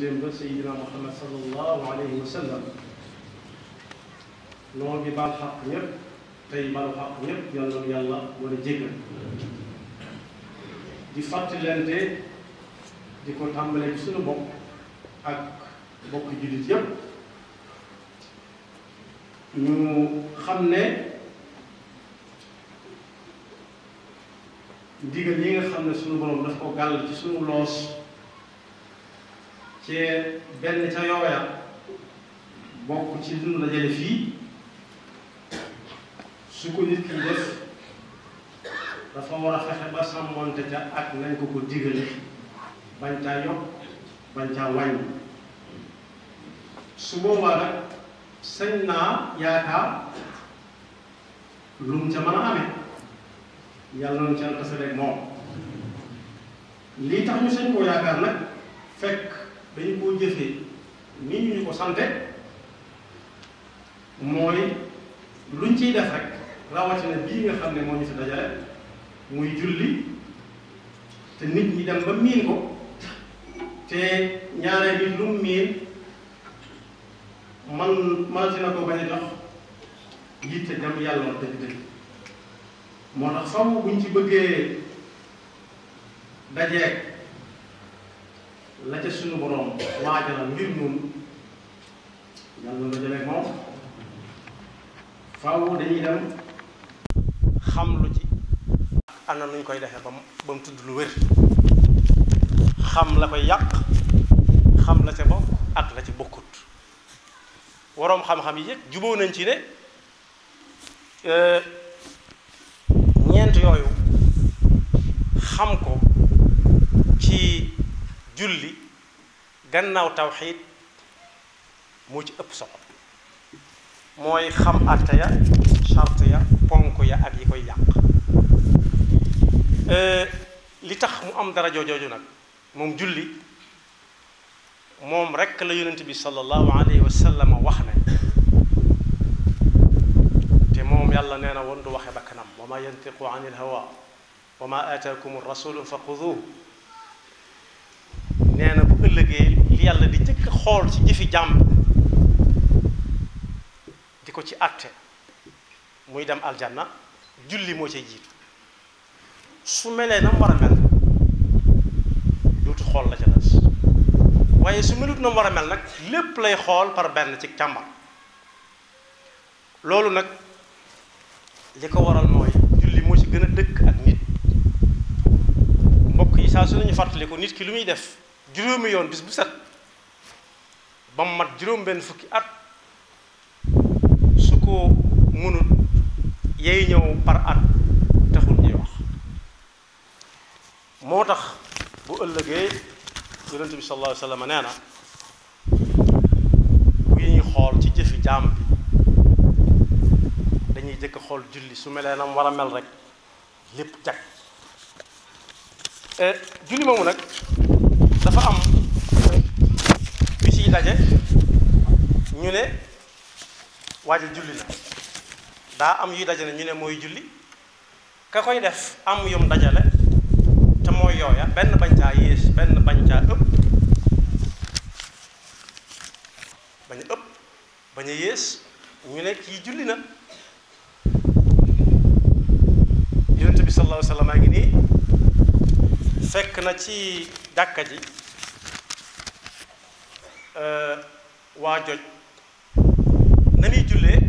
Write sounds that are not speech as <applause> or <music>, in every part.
leen ba sayidina muhammad sallallahu alayhi wa sallam di fàttalante di ko tàmbalee ci suñu bopp ak bokk jullit yépp ñu xam ne ndigal yi nga xam ne suñu borom daf ko gàll ci suñu loos cee benn ca yooya bokk ci lu nu dajale fii su ko nit ki def dafa war ba sàmmoonte ca ak nañ ko ko digale bañ caa yokk bañ caa wàññi su boobaa nag sañ naa yaakaar lu mu a amee yàlla na ca tasaleeg moom lii tax ñu sañ koo yaakaar nag fekk dañu koo jëfee ni ñu ko sante mooy luñ ciy def rek rawatina bii nga xam ne moo ñu si dajale muy julli te nit ñi dem ba miin ko te ñaareel bi lu miin man man si na ko bañ a jox yitte dem yàlla na dëgg-dëgg moo tax faw buñ ci bëggee dajeek la ca suñu borom waajal ngir ñun yàlla na jëlee moom faaw dañuy dem xam lu ci ana nuñ koy defee ba mu tudd lu wér xam la koy yàq xam la ca bokk ak la ci bokkut woroom xam-xam yi yëpp juboo nañ ci ne e, ñeent yooyu xam ko ci julli gannaaw tawxiid moo ci ëpp solo mooy xam atta ya charte ya ponk ya ak yi koy yàq euh, li tax mu am dara jooju nag moom julli moom rekk la yonent bi sallallahu alayhi wa sallam wax ne te moom yàlla nee na woon du waxe bakkanam wa ma yantiqu an il wa ma aataakum rasulu fa xuduhu nee na bu ëllëgee yàlla di jëkk xool ci jëfi jàmm di ko ci àtte muy dem aljanna julli moo ci jiitu su melee na mel dootu xool la ca des waaye su melut na war a mel nag lépp lay xool par benn ci càmbar loolu nag li ko waral mooy julli moo ci gën a dëkk saa su nañu fàttaliku nit ki lu muy def juróomi yoon bis bu set ba mu mat juróom benn fukki at su ko mënut yey ñëw par at taxul ñuy wax moo tax bu ëllëgee yonent bi sallallahu alayhi wa sallam nee xool ci jëfi jaam bi dañuy jëkk xool julli su melee war a mel rek lépp jag Euh, julli moomu nag dafa am yu ciy daje ñu ne waaja julli la daa am yuy daje ne ñu ne mooy julli ka koy def am yum dajale te mooy yooya benn bañ caa yées benn bañ ëpp bañ ëpp bañ yées ñu ne kii julli na yonent bi sallallahu alayhi wa ngi nii fekk na ci dàkka ji euh, waa joj na jullee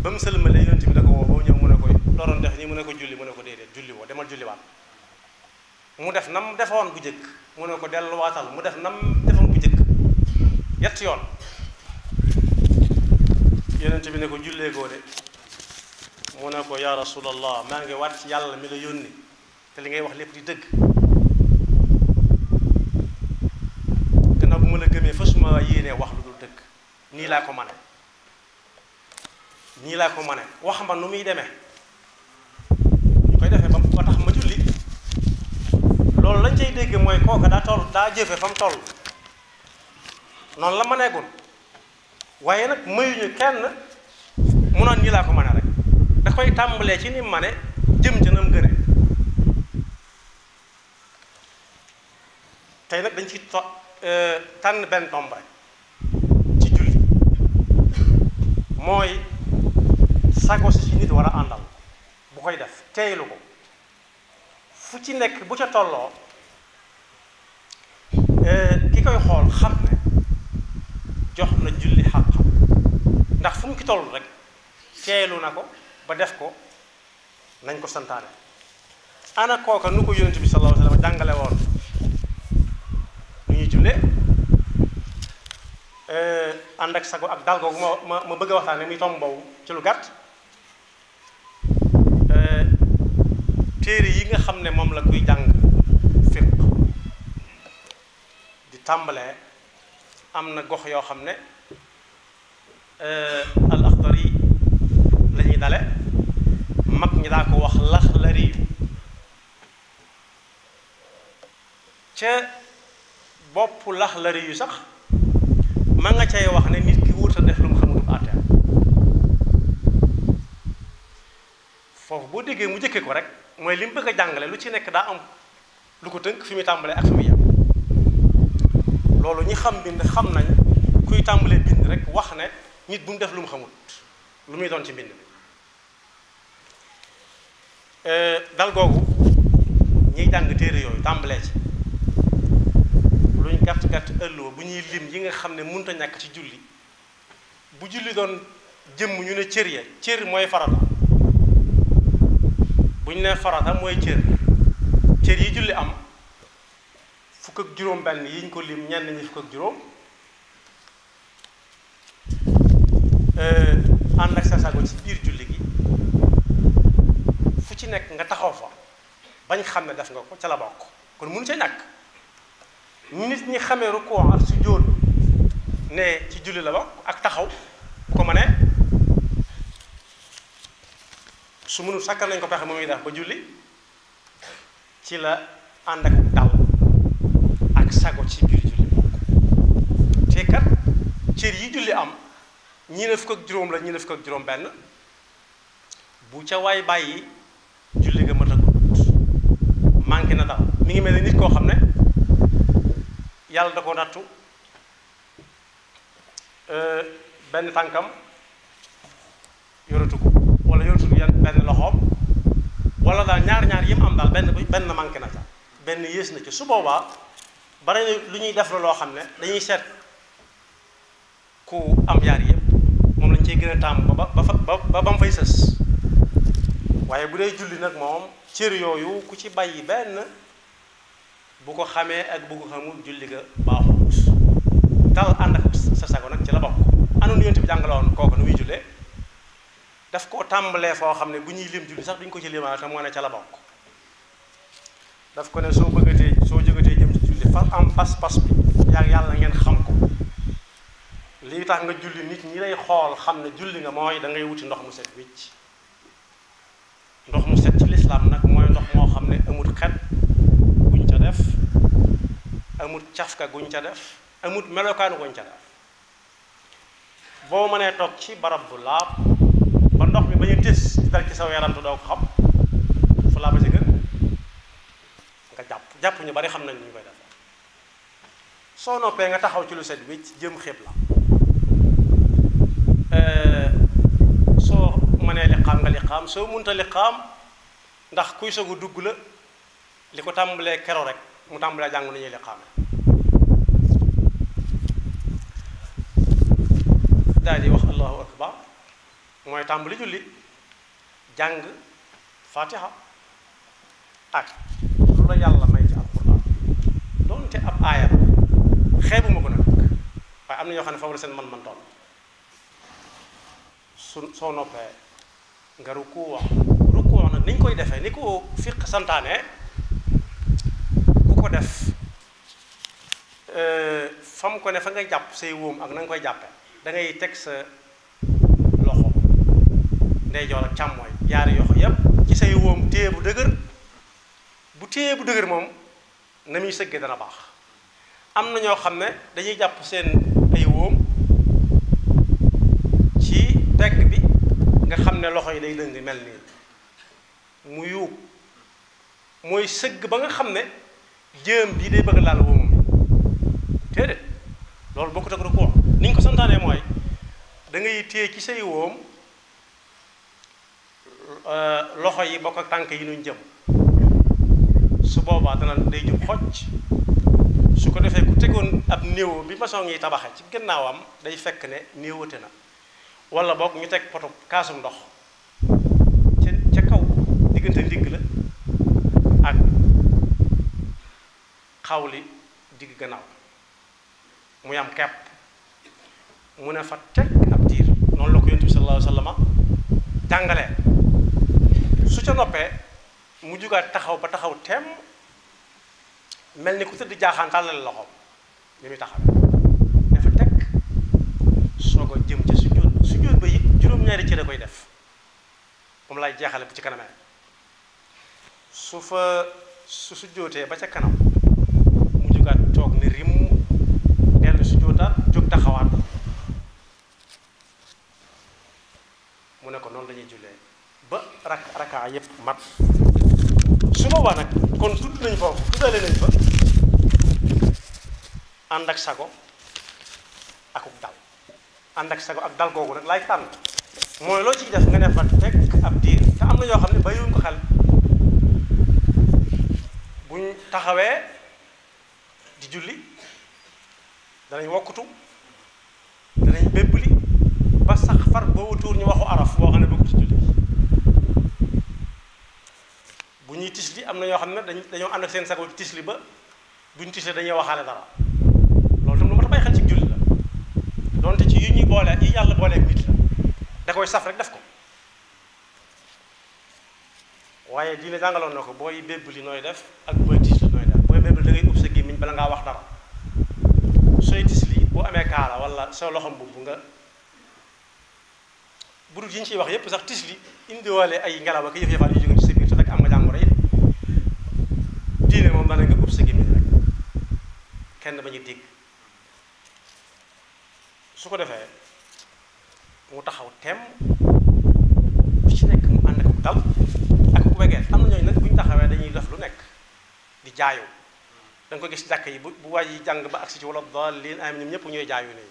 ba mu sëlmalee yonent bi ko woo ba mu ñëw mu ne ko loroon def nii mu ne ko julli mu ne ko déedéet julli woo demal julliwaat mu def nam defoon bu jëkk mu ko delluwaatal mu def nam defoon bu jëkk yett yoon yonent bi ne ko jullee goo de mu ne ko yaa rasulallah maa ngi waat yàlla mi la yónni te li ngay wax lépp di dëgg gannaaw bu ma la gëmee fa suma yéenee wax lu dul dëgg nii laa ko mane nii laa ko mane wax ma nu muy demee ñu koy defee ba ba tax ma julli loolu lañ cay dégg mooy kooka daa toll daa jëfe fa mu toll noonu la ma nekkul waaye nag mayuñu kenn mu noon nii laa ko mane rek da koy tàmbalee ci ni mane jëm ca nam gën tey nag dañ ci to euh, tànn benn tomb ci julli mooy sako si si nit war a àndal bu koy def teeylu ko fu ci nekk bu ca tolloo euh, ki koy xool xam ne jox na julli xam-xam ndax fu mu ki toll rek teeylu na ko ba def ko nañ ko santaane ana kooka nu ko yonent bi sallallahu alayhi wa Eh, ànd ak sago ak dal googu ma ma bëgg a waxtaane muy tomb boobu ci lu gàtt eh, téere yi nga xam ne moom la kuy jàng fiq di tàmbalee am na gox yoo xam ne eh, al axdari la dale mag ñi daa ko wax laxlari ca bopp laxlari yu sax man nga cee wax ne nit ki wut a def lu mu xamul àtte foofu boo déggee mu jëkkee ko rek mooy li mu bëgg a jàngale lu ci nekk daa am lu ko tënk fi muy tàmbalee ak fi muy yem loolu ñi xam bind xam nañ kuy tàmbalee bind rek wax ne nit bu mu def lu mu xamul lu muy doon ci mbind bi euh, dal googu ñiy jàng téere yooyu tàmbalee ci lu ñu gàtt gàtt bu ñuy lim yi nga xam ne mënut a ñàkk ci julli bu julli doon jëmm ñu ne cër ya cër mooy farata bu ñu nee farata mooy cër cër yi julli am fukk ak juróom benn yi ñu ko lim ñenn ñi fukk ak juróom euh, ànd ak sa ci biir julli gi fu ci nekk nga taxaw fa bañ xam ne def nga ko ca la bokk kon mënu ca ñàkk nit ñi xamee rukkoo ak sujjóot ne ci julli la bokk ak taxaw bu ko mënee su mënul sàkkal nañ ko pexe moom muy def ba julli ci la ànd ak dal ak sago ci biir julli bokk te kat cër yi julli am ñii la fukk ak juróom la ñii la fukk ak juróom benn bu ca waay bàyyi julli nga mën a gudd manqué na dal mi ngi mel ni nit koo xam ne yàlla da ko nattu euh, benn tànkam yoratu ko wala yoratu yan benn loxoom wala daal ñaar-ñaar yi am daal benn benn manqué na ca benn yées na ci su boobaa bare lu ñuy def la loo xam ne dañuy seet ku am yaar yëpp moom lañ cey gën a tàmm ba ba ba ba mu fay sës waaye bu dee julli nag moom cër yooyu ku ci bàyyi benn bu ko xamee ak bu ko xamul julli ga baaxut tal ànd ak sa sago nag ci la bokk anoon yonent bi jàngale woon kooku nu muy jullee daf koo tàmbalee foo xam ne bu ñuy lim julli sax duñ ko ci limaa te moo ne ca la bokk ko ne soo bëggatee soo jógatee jëm ci julli fa am pas-pas bi yaag yàlla ngeen xam ko lii tax nga julli nit ñi lay xool xam ne julli nga mooy da ngay wuti ndox mu set wicc ndox mu set ci lislaam nag mooy ndox moo xam ne amul xet def amut cafka guñ ca def amut melokaan guñ ca def boo mënee toog ci barab bu laab ba ndox mi bañu tës di dal ci saw yaram doo ko xam fu laaba si gën nga jàpp jàpp ñu bari xam nañ ñu koy def soo noppee nga taxaw ci lu set wecc jëm xib la soo mënee liqaam nga liqaam soo munta liqaam ndax kuy sogu dugg la li ko tàmbalee kero rek mu tàmbalee jàng nañuy liqaame daal di wax allahu akbar mooy tàmbali julli jàng fatiha ak lu yàlla may ci alquran doonte ab aaya xeebuma ko nag waaye am na ñoo xam ne foofu la seen man-man toll su soo noppee nga rukkoo wax rukkoo wax nag ni koy defee ni ko fiq santaane ko def euh, fam ko ne fa nga jàpp say wóom ak na nga koy jàppe da teg sa loxo ndeyjoor ak càmmooy yaari yoxo yépp ci say wóom téye bu dëgër bu téye bu dëgër moom na muy sëggee dana baax am na ñoo xam ne dañuy jàpp seen ay wóom ci tegg bi nga xam ne loxo yi day lëng mel nii mu yuub mooy sëgg ba nga xam ne jëm bii day bëgg laal woo moom déedéet loolu bokkut ak rukkoo ni ñu ko santaanee mooy dangay ngay téye ci say woom euh, loxo yi bokk ak tànk yi nuñ jëm su boobaa dana day jub xocc su ko defee ku tegoon ab néew bi maçon yi tabaxe ci gannaawam day fekk ne néewate na wala boog ñu teg poto kaasum ndox ca ca kaw diggante ndig xawli digg gannaaw mu yam kepp mu ne fa teg ab diir noonu la ko yonent bi sallallahu alayhi wa su ca noppee mu jugaat taxaw ba taxaw temm mel ni ku tëdd jaaxaan tàllale loxoom li muy taxaw dafa teg soo ko jëm ca sujjóot sujjóot ba it juróom-ñaari cër koy def moom lay jeexale bu ci kanamee su fa su sujjóotee ba ca kanam ñuy jullee ba rak raka yëpp mat su boobaa nag kon tudd nañ foofu tuddale nañ fa ànd ak sago akuk dal ànd ak sago ak dal googu nag laay tànn mooy loo ciy def nga def ba fekk ab diir te am na yoo xam ne bàyyiwuñ ko xel buñ taxawee di julli danañ wokkutu danañ bébbli far ba wutuur ñu waxu araf boo xam ne bëgg ci julli bu ñuy tisli am na yoo xam ne dañ dañoo ànd ak seen sago ci tisli ba bu ñu tisli dañuy waxaale dara loolu tam lu ma a bàyyi xel ci julli la donte ci yi ñuy boole yi yàlla booleeg nit la da koy saf rek def ko waaye diine jàngaloon na ko booy bébb li nooy def ak booy tisli nooy def booy bébb li da ngay ub sa gémmiñ bala ngaa wax dara sooy tisli boo amee kaala wala soo loxom bubb nga bu dul yi ñu ciy wax yépp sax tis li indiwaale ay ngelaw ak yëf-yëfaat yu jóge ci sa biir te fekk am nga jàngoro yi diine moom dana nga ub sa gémmiñ rek kenn bañu dégg su ko defee mu taxaw temm ku ci nekk mu ànd ak ku dal ak ku wegeel am na ñooñu nag buñ taxawee dañuy def lu nekk di jaayoo hmm. da nga ko gis jàkk yi bu bu waaj yi jàng ba agsi ci wala daal leen am ñoom ñëpp ñooy jaayu nii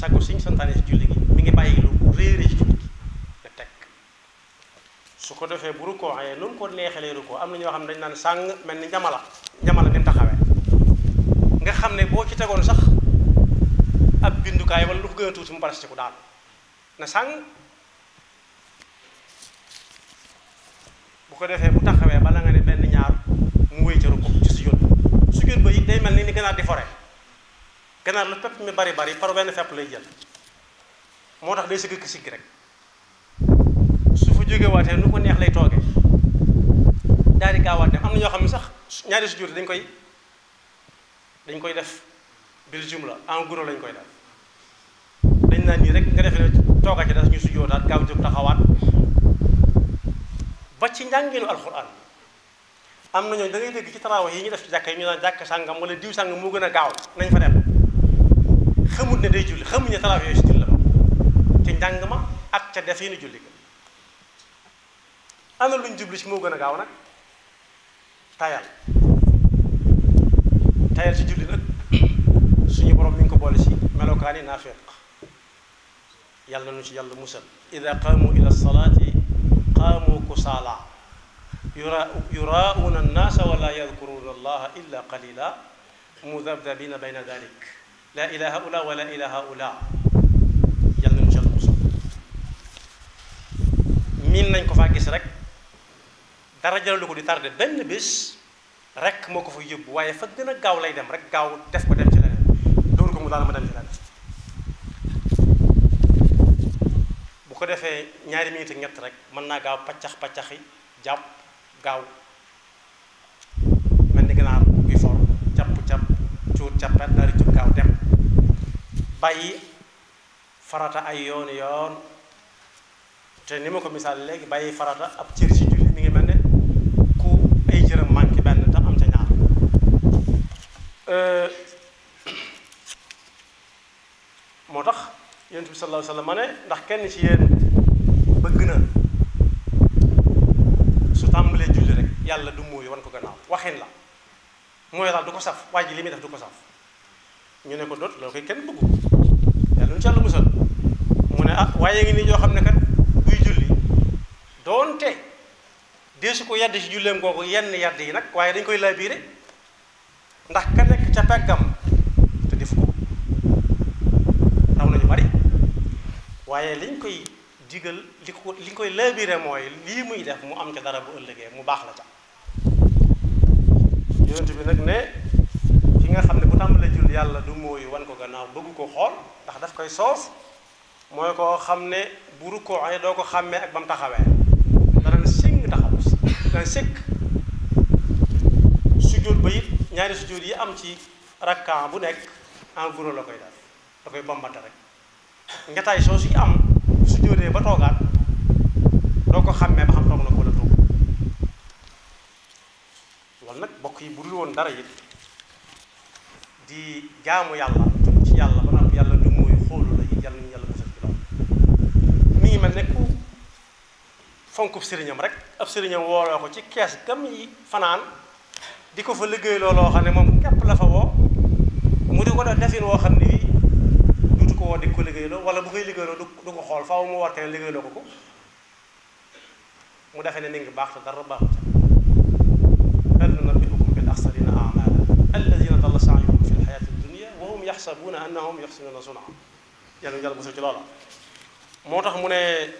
sago siñ santaane si julli gi mi ngi bàyyi lu réere ci julli gi nga teg su ko defee bu rukkoo xayee nu mu ko neexalee rukkoo am na ñoo xam ne dañ naan sàng mel ni njamala njamala dem taxawee xam ne boo ci tegoon sax ab bindukaay wala lu ko gën a tuuti mu baras ci ku daal na sàng bu ko defee bu taxawee bala nga ne benn ñaar mu wéy ca rukkoo ci sujjóot sujjóot ba it day mel ni ni gën a di ganaar lu pepp mi bari bari par benn lay jël moo tax day sigg sigg rek su fa jógee waatee ko neex lay toogee daal di gaawaat am na ñoo xam ne sax ñaari sujjóot dañ koy dañ koy def bil jumla en gros lañ koy naan nii rek nga defee ne tooga ci da ñu sujjóotaat gaaw jóg taxawaat ba ci njàngeenu alxuraan am na ñooñu da ngay dégg ci taraawa yi ñu def jàkk jàkka yi ñu naan jàkka sàngam wala diw sàngam moo gën a gaaw nañ fa dem xamut ne day julli xamuñ ne talaata yooyu si julli ca definu julli ga ana luñ jubli si moo gën a gaaw nag tayal tayal si julli nag <coughs> suñu borom mi ngi ko boole si melokaani naafeq yàlla nu ci yàlla musal ida qaamu ila salaati qaamu yura yuraauuna annaasa wala yadkuruuna allaha illa qalila mudabdabina bayna dalik laa ilaaha ulaa wala ilaaha ulaa yal nañu jël musul miin nañ ko fa gis rek dara jëlalu ko di tardé benn bés rek moo ko fa yóbbu waaye fa gën a gaaw lay dem rek gaaw def ko dem ci leneen dóor ko mu daal ma dem ci leneen bu ko defee ñaari minute ñett rek mën naa gaaw paccax paccaxi jàpp gaaw cappat daal di gaaw dem bàyyi farata ay yoon yoon te ni ma ko misaal léegi bàyyi farata ab cër ci julli mi ngi mel ne ku ay jërëm manqué benn te am ca ñaar euh, moo tax yonent bi sallallahu alayhi ma ne ndax kenn ci yéen bëgg na su tàmbalee julli rek yàlla du muuy wan ko gannaaw waxin la mooy daal du ko saf waa ji li muy def du ko saf ñu ne ko doot loolu koy kenn bëggu yàlla ñu ci yàlla musal mu ne ah waaye ngi nii ñoo xam ne kat buy julli doonte deesu ko yàdd ci julleem googu yenn yàdd yi nag waaye dañ koy laabiire ndax ka nekk ca peggam te def ko raw nañu bari waaye liñ koy digal li ko li koy laabiire mooy lii muy def mu am ca dara bu ëllëgee mu baax la ca yonent bi nag ne ki nga xam ne bu tàmbalee julli yàlla du mooyu wan ko gannaaw bëgg ko xool ndax daf koy soof mooy koo xam ne bu rukkoo ay doo ko xàmmee ak ba mu taxawee dana sing taxaw dana sëkk ñaari sujjóot yi am ci rakkan bu nekk en la koy def da koy si am sujjóotee ba toogaat doo ko xàmmee ba xam toog na ko la toog loolu nag bokk yi bu dul woon dara it di jaamu yàlla tudd ci yàlla yàlla du muy yàlla ñu mi ngi mel ne ku fonkub rek ab sëriñam wooloo ko ci kees gam yi fanaan di ko fa liggéey looloo xam ne moom képp la fa woo mu di ko def defin woo xam ne bii ko woo di ko liggéeyloo wala bu koy liggéeyloo du ko xool faaw mu war keneen liggéeyloo ko ko mu defee ne ni ngi baax te dara baax. hal nunabbi'ukum bil axsarina a'maala allaziina dalla yaxsabuuna annahum yaxsinuuna sunaa yàlla yàlla musal ci loola moo tax mu ne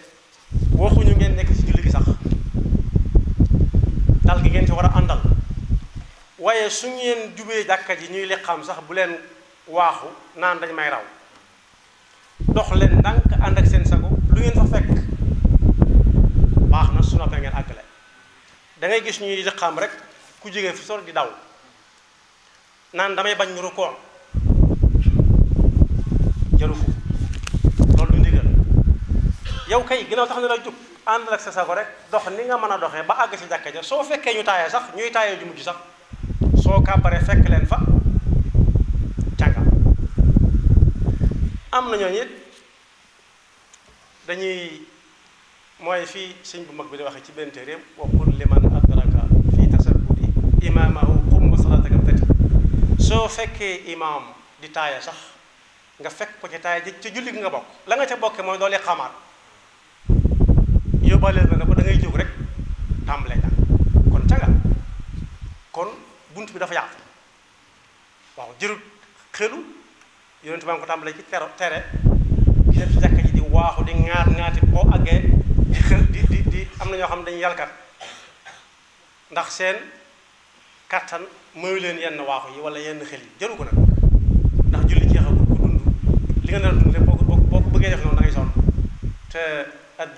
waxuñu ngeen nekk ci julli gi sax dal gi ngeen ci war a àndal waaye su ngeen jubee jàkka ji ñuy liqaam sax bu leen waaxu naan dañ may raw dox leen ndànk ànd ak seen sago lu ngeen fa fekk baax na su noppee ngeen àggale da gis ñuy liqaam rek ku jógee fu sor di daw naan damay bañ ñu rukoon yow kay ginnaaw tax na la jub àndal ak sa sago rek dox ni nga mën a doxee ba àgg si jàkka ja soo fekkee ñu taayee sax ñuy taayee ju mujj sax soo kàbbaree fekk leen fa càngam am na ñooñu it dañuy mooy fii siñ bu mag bi di waxee ci benn téeréem wa liman adraka fii ma imaamahu qum salataka tati soo fekkee imaam di taaye sax nga fekk ko ci taaya ji ci julli gi nga bokk la nga ca bokkee mooy doole xamaat yóbbaaleel na ne ko da ngay jóg rek tàmbalee jàng kon ca kon bunt bi dafa yaatu waaw jërut xelu yonent baa ngi ko tàmbalee ci tere tere di def ci jàkka ji di waaxu di ŋaat ŋaati boo àggee di xel di am na ñoo xam ne dañuy yalkat ndax seen kattan mayu leen yenn waaxu yi wala yenn xel yi jëru ko nag ndax julli jeexagul ku dund li nga nar a dund boo ko boo ko bëggee def noonu da sonn te ad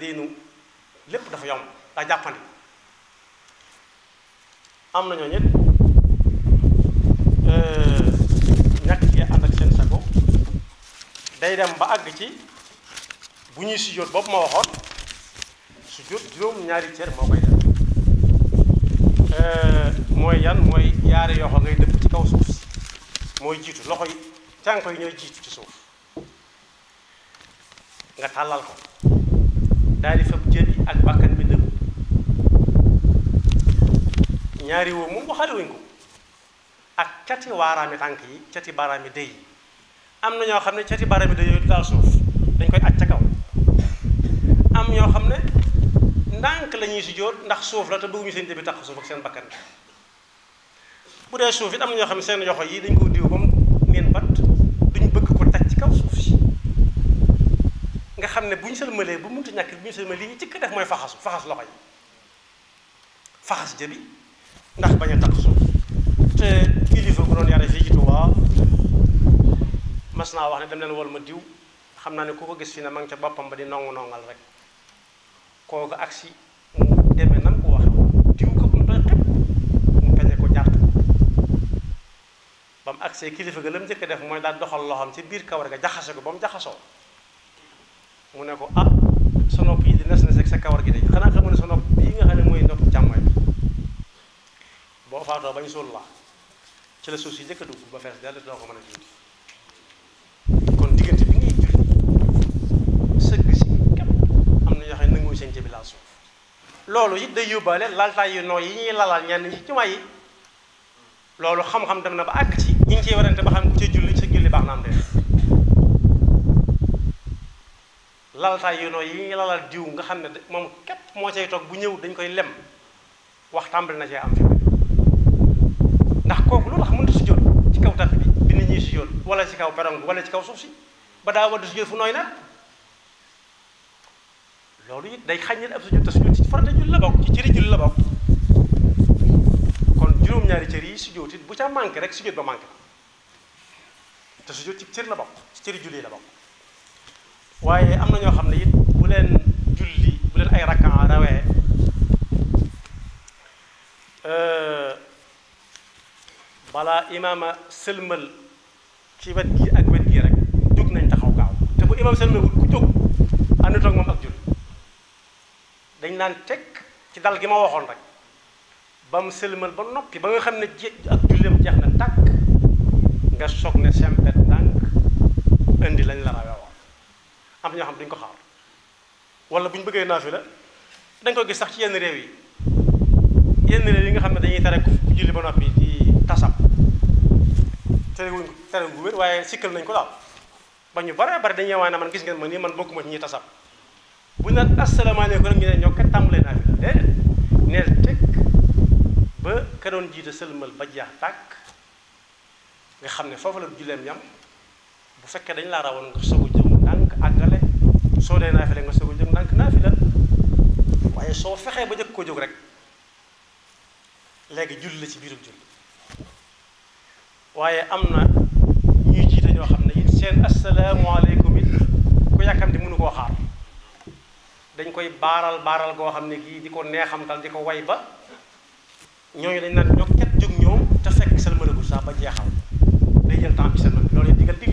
lépp dafa yomb daa jàppandi am na ñoo ñett euh, ñàkk gi ànd ak seen sago day dem ba àgg ci bu ñuy sujjóot boobu ma waxoon sujjóot juróom ñaari cër moo koy def euh, mooy yan mooy yaari yoxo ngay dëpp ci kaw suuf mooy jiitu loxo yi cànko yi ñooy jiitu ci suuf nga tàllal ko daal di fab jën yi ak bàkkan bi dëpp ñaari woo moom waxale wuñ ko ak cati waaraami tànk yi cati baaraami dëy yi am na ñoo xam ne cati baaraami dëy yooyu du daal suuf dañ koy aj ca kaw am ñoo xam ne ndànk la ñuy si jóor ndax suuf la te bëgguñu seen dëbi tax suuf ak seen bakkan bu dee suuf it am na ñoo xam ne seen yoxo yi dañ ko diw ba mu bat xam ne bu ñu sëlmalee bu mënta ñàkk bu ñu sëlmalee li ñu jëkk def mooy faxasu faxas loxo yi faxas jëbi ndax bañ a taq suuf te kilifa ko doon yare fii ci Tuubaa mas naa wax ne dem leen wol ma diw xam naa ne koo ko gis fi ne ma ngi ca boppam ba di nongu nongal rek kooku agsi mu demee nam ko wax diw ko mu doy ko jàrt ba mu agsee kilifa ga la mu njëkk def mooy daal doxal loxoom ci biir kawar ga jaxase ko ba mu jaxasoo mu ne ko ah sa nopp yi di nes nes ak sa kawar gi de xanaa xam ne sa nopp bii nga xam ne mooy nopp càmmoñ boo faatoo bañ suul la ci la suuf si njëkk a dugg ba fees dell doo ko mën a jiitu kon diggante bi ngay jur sëgg am na ñoo xam ne nanguwuñ seen jëbi laal suuf loolu it day yóbbaale laltaay yu nooy yi ñuy lalaal ñenn ñi ci jumaa yi loolu xam-xam dem na ba àgg ci ñi ngi ciy warante ba xam ku ci julli sa julli baax na am de laltaay yu nooy yi lalal diw nga xam ne moom képp moo cay toog bu ñëw dañ koy lem wax tàmbali na cee am fi ndax kooku lu tax mënut sujjóot ci kaw tax bi bi nit wala ci kaw perong bi ci kaw suuf si ba daa wadd sujjóot loolu it day xañ ab sujjóot te sujjóot ci farata julli la bokk ci cëri julli la bokk kon juróom-ñaari cër yi sujjóot it bu ca manqué rek sujjóot ba manqué la te sujjóot ci cër la bokk ci cëri julli la bokk waaye am na ñoo xam ne it bu leen julli bu leen ay rakkaan rawee euh, balaa imaama sëlmal ci wet gi ak wet gi rek jóg nañ taxaw gaaw te bu imaam sëlmal ku jóg ànd toog moom ak julli dañ naan teg ci dal gi ma waxoon rek ba mu sëlmal ba noppi ba nga xam ne je ak julleem jeex na tàkk nga soog ne sempet ndànk indi lañ la rawee am ñoo xam dañ ko xaar wala bu ñu bëggee naafila dañ ko gis sax ci yenn réew yi yenn réew yi nga xam ne dañuy tere ku julli ba noppi di tasab tere wuñ ko tere wér waaye sikkal nañ ko daal ba ñu bare bare dañuy waaye na man gis ngeen ma nii man bokkuma ci ñuy tasab bu ñu naan asalaamaaleykum rek ñu ne ñoo kat tàmbalee naafila déedéet neel teg ba ka doon sëlmal ba jeex tàkk nga xam ne foofu la julleem yam bu fekkee dañ laa rawoon nga soog soo dee naafila nga soog a naa ndànk naafila waaye soo fexee ba jëkk koo jóg rek léegi julli la ci biirum julli waaye am na ñuy a ñoo xam ne it seen asalaamaaleykum it ku yàkkamti mënu koo xaar dañ koy baaral baaral goo xam ne gii di ko neexamtal di ko way ba ñooñu dañ naan ñokket jóg ñoom te fekk seen mënagul sax ba jeexal day jël temps bi seen mën loolu it digal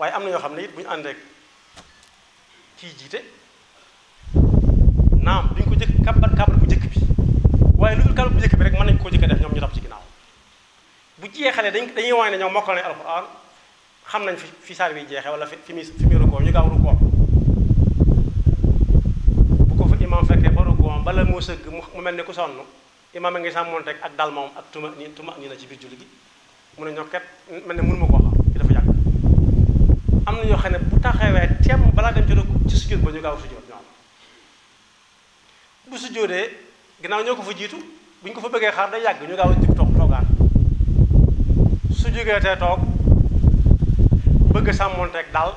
waaye am na ñoo xam ne it bu ñu ànd rek kii jiite naam duñ ko jëkk kàbbar kàbbar bu jëkk bi waaye lu dul kàbbar bu jëkk bi rek mën nañ koo jëkk def ñoom ñu topp ci ginnaaw bu jeexalee dañ dañuy wane ne ñoom mokkal nañ alxuraan xam nañ fi fi saar bi jeexee wala fi fi muy fi muy rukoo ñu gaaw rukoo bu ko fa imaam fekkee ba rukoo bala moo sëgg mu mel ne ku sonn imaam a ngi rek ak dal moom ak tuma ni tuma ni na ci biir julli gi mu ne ñokket mel ne mënuma ko am na ñoo xam ne bu taxawee temm balaa dem ci rek ci sujjóot ba ñu gaaw sujjóot ñoom bu sujjóotee ginnaaw ñoo ko fa jiitu bu ñu ko fa bëggee xaar day yàgg ñu gaaw jub toog toogaan su jógee tee toog bëgg sàmmoonteeg daal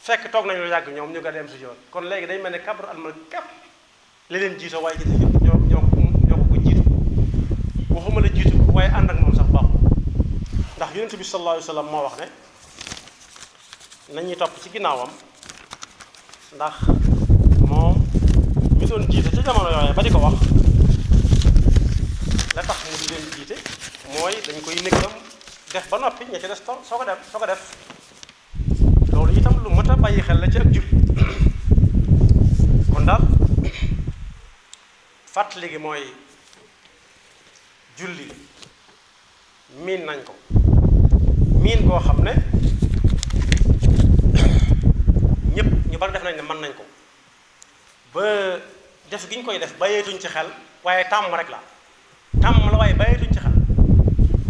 fekk toog nañu yàgg ñoom ñu nga dem sujjóot kon léegi day mel ni kabru almal képp li leen jiitoo waaye jiite ñoo ñoo ko ko jiitu waxuma la jiitu waaye ànd ak moom sax baaxul ndax yonent bi sallallahu alayhi moo wax ne nañuy topp ci ginnaawam ndax moom mi doon jiite ci jamono yooyee ba di ko wax la tax mu di leen jiite mooy dañ koy nëkkam def ba noppi ña ci des to soo ko def soo ko def loolu itam lu mët a bàyyi xel la ci ak jub kon daal fàttali gi mooy julli miin nañ ko miin koo xam ne ñu bari def nañ ne mën nañ ko ba def gi ñu koy def bàyyeetuñ ci xel waaye tàmm rek la tàmm la waaye bàyyeetuñ ci xel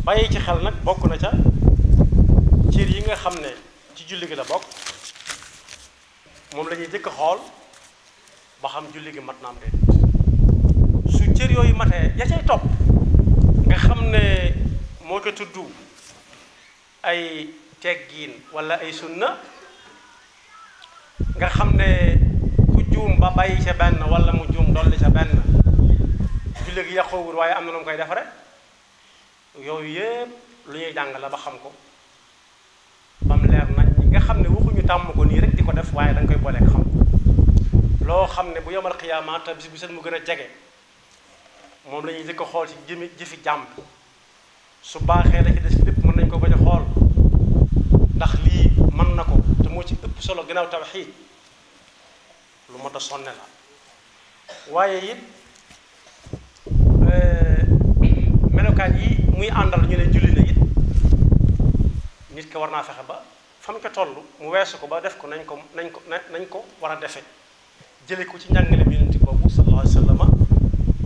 bàyyi ci xel nag bokk na ca cër yi nga xam ne ci julli gi la bokk moom lañuy ñuy jëkk xool ba xam julli gi mat na su cër yooyu matee ya cay topp nga xam ne moo ko tudd ay teggiin walla ay sunna nga xam ne ku juum ba bàyyi sa benn wala mu juum dolli sa benn julli gi yàqoowul waaye am na nu koy defare yooyu yëpp lu ñuy jàng la ba xam ko ba mu leer nañ nga xam ne waxuñu tàmm ko nii rek di ko def waaye da koy booleeg xam loo xam ne bu yomal xiyaama te bis bu mu gën a jege moom lañuy ñuy ko xool ci jëmi jëfi jàmm su baaxee la ci des lépp mën nañ ko bañ a xool ndax lii mën na ko te moo ci ëpp solo gannaaw tawxiid lu mot a sonne la waaye it euh, melokaan yi muy àndal ñu ne julli na it nit ki war naa fexe ba fam ko toll mu weesu ko ba def ko nañ ko nañ ko nañ ko war a defe jële ko ci njàngale bi yonent boobu sallallahu alayhi wa sallam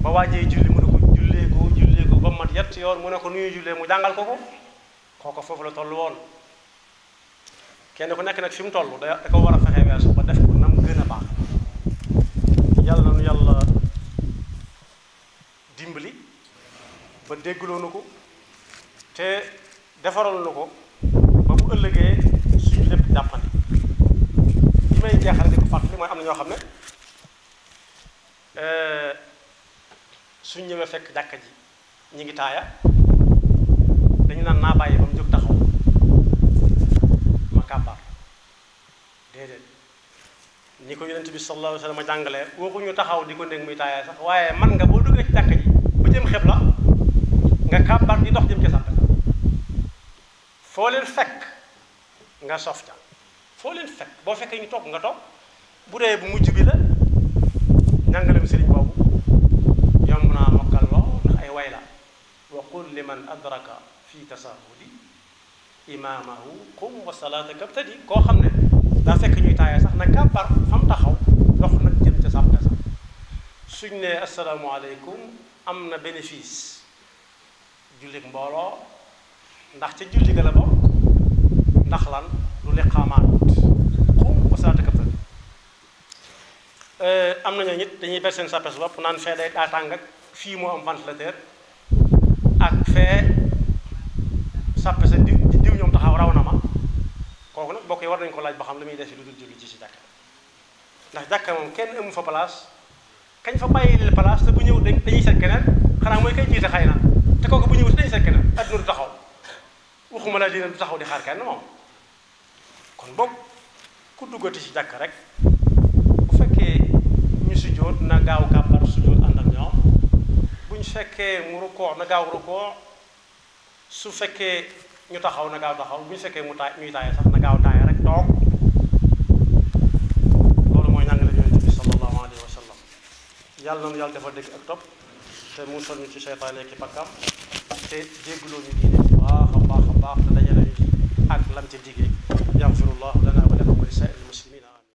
ba waajee julli mu ne ko jullee ko jullee ko ba mat yett yoon mu ne ko nuyu jullee mu jàngal ko ko kooko foofu la toll woon kenn ku nekk nag fi mu toll da da ko war a fexe ba déggloo na ko te defaral na ko ba mu ëllëgee suñu lépp jàppandi li may jeexal di ko fàttali mooy am na ñoo xam ne eh, suñ ñëwee fekk jàkka ji ñi ngi taaya dañu naan naa bàyyi ba mu jóg taxaw ma kàbbaar déedéet ni ko yonent bi sallallahu alayhi wa sallam ma jàngalee waxuñu taxaw di ko néeg muy taaya sax waaye man nga boo duggee ci jàkka ji ba jëm xeb la nga kàbbar di dox jëm ca sàppe foo leen fekk nga sof ca foo leen fekk boo fekkee ñu toog nga toog bu dee bu mujj bi la njàngalem sëriñ boobu yomb naa mokkal loo ndax ay way la wa qul liman adraka fi tasahudi imaamahu qum wa salaata kabtadi koo xam ne daa fekk ñuy taaya sax na kàbbar fam taxaw dox nag jëm ca sàppe sax suñ ne asalaamaaleykum am na bénéfice jullik mbooloo ndax ca julli ga la bokk ndax lan lu liqaamaat xum wasaate eh, nit dañuy ber seen sàppe su bopp tàng fii moo am ventilateur ak fee sàppe sa diw diw ñoom taxaw na ma kooku nag bokk yi war nañu ko laaj ba xam lu muy def lu dul julli ci si jàkka ndax jàkka moom kenn amu fa place kañ fa bàyyi leen place te bu ñëw dañuy seet keneen xanaa mooy kay jiite xëy na te kooku bu ñëwee si dañu sa kanam adduna taxaw waxuma la taxaw di xaar kenn moom ci jàkk rek bu fekkee ñu sujjóot na gaaw kàmbar sujjóot ànd ak ñoom ñu fekkee mu na gaaw su fekkee ñu taxaw na gaaw taxaw bu ñu fekkee mu taay ñuy taaya sax na gaaw taaya rek toog loolu mooy njàngale Yonent bi sallallahu alayhi wa sallam yàlla na nu yàlla defal dégg ak topp te musal ñu ci seytaane ki pakkam te jégguloo ñu diine bu baax a baax a baax te dajale ñu ci ak lam ca digee yaxfirullahu lana wa lakum wa li saa'iril muslimin